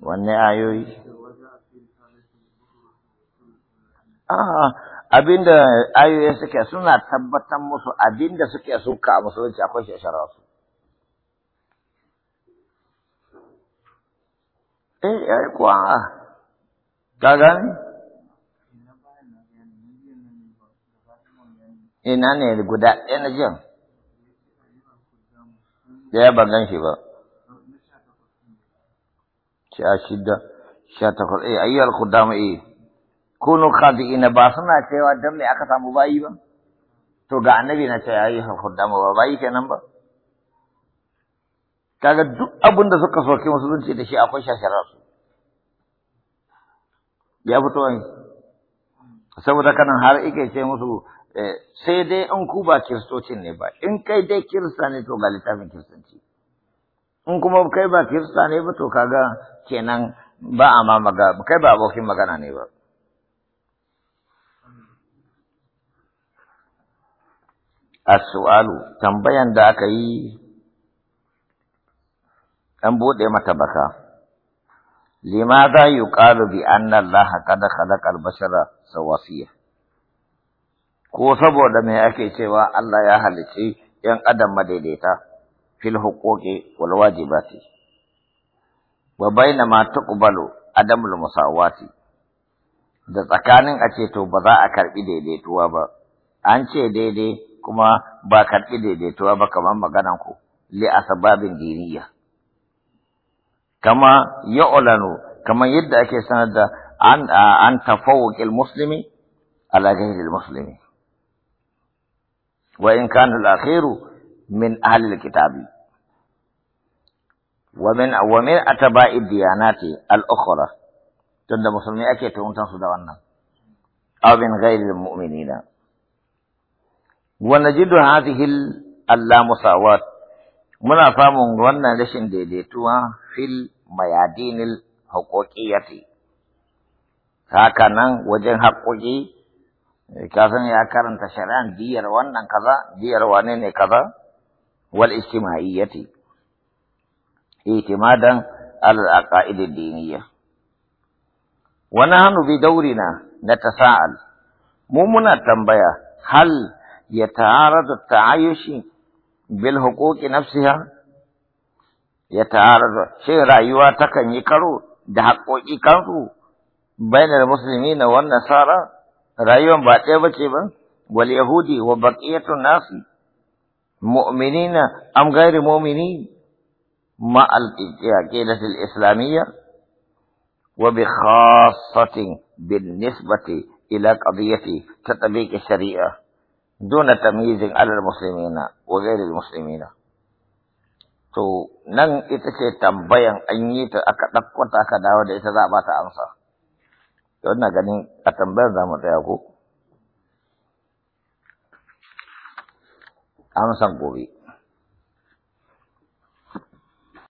wanne ayoyi a'a abinda ayoyi suke suna tabbatar musu abinda suke suka a musulunci akwai shi a su eh ai eh, kuwa ka gani ina ne guda ɗaya na jiyan ɗaya ban gan shi ba sha shida sha takwas eh ayyuhal khuddam eh kunu khadi'ina ba suna cewa dan me aka samu bayi ba to ga annabi na ce ayyuhal khuddam ba bayi kenan ba kaga duk abin da suka soke musu musulunci da shi akwai shashara su ya fito ne saboda kanan har ike ce musu eh, sai dai in ku ba kiristocin ne ba in kai dai kirista ne to ga littafin kiristanci in kuma kai ba kirista ne ba to kaga kenan ba a ma magana kai ba abokin magana ne ba as-su'alu tambayan da aka yi an bude mata baka limadha yuqalu bi anna Allah qad khalaqa al-bashara sawafiya ko saboda me ake cewa Allah ya halicci yan adam madaidaita في الحقوق والواجبات ma تقبل عدم المساواة da tsakanin a ce to ba za a karɓi daidaituwa ba an ce daidai kuma ba karɓi daidaituwa ba kamar maganan ku li asbabin diniya kama ya'lanu kamar yadda ake sanar da an an tafawuqil muslimi ala ghayril muslimi wa in kana al-akhiru من أهل الكتاب ومن ومن أتباع الديانات الأخرى تند مسلمي أكيد تون تنصد عنا أو من غير المؤمنين ونجد هذه اللامساواة من أفهم غنى لشن ديديتوها في الميادين الحقوقية هكذا وجه حقوقي كذا يا كارن تشرعان ديار وانا كذا ديار وانا كذا والاجتماعية اعتمادا على العقائد الدينية ونحن بدورنا نتساءل مو تنبيا هل يتعارض التعايش بالحقوق نفسها يتعارض شيء رأيوا تكن يكرو ده يكرو بين المسلمين والنصارى رأيوا باتي بچي واليهودي وبقية الناس مؤمنين أم غير مؤمنين مع العقيدة الإسلامية وبخاصة بالنسبة إلى قضية تطبيق الشريعة دون تمييز على المسلمين وغير المسلمين to nan ita ce tambayan an yi ta aka ɗauko aka dawo da ita za a amsa to ina ganin a tambayar za mu tsaya ko අවසන් වූ වේ.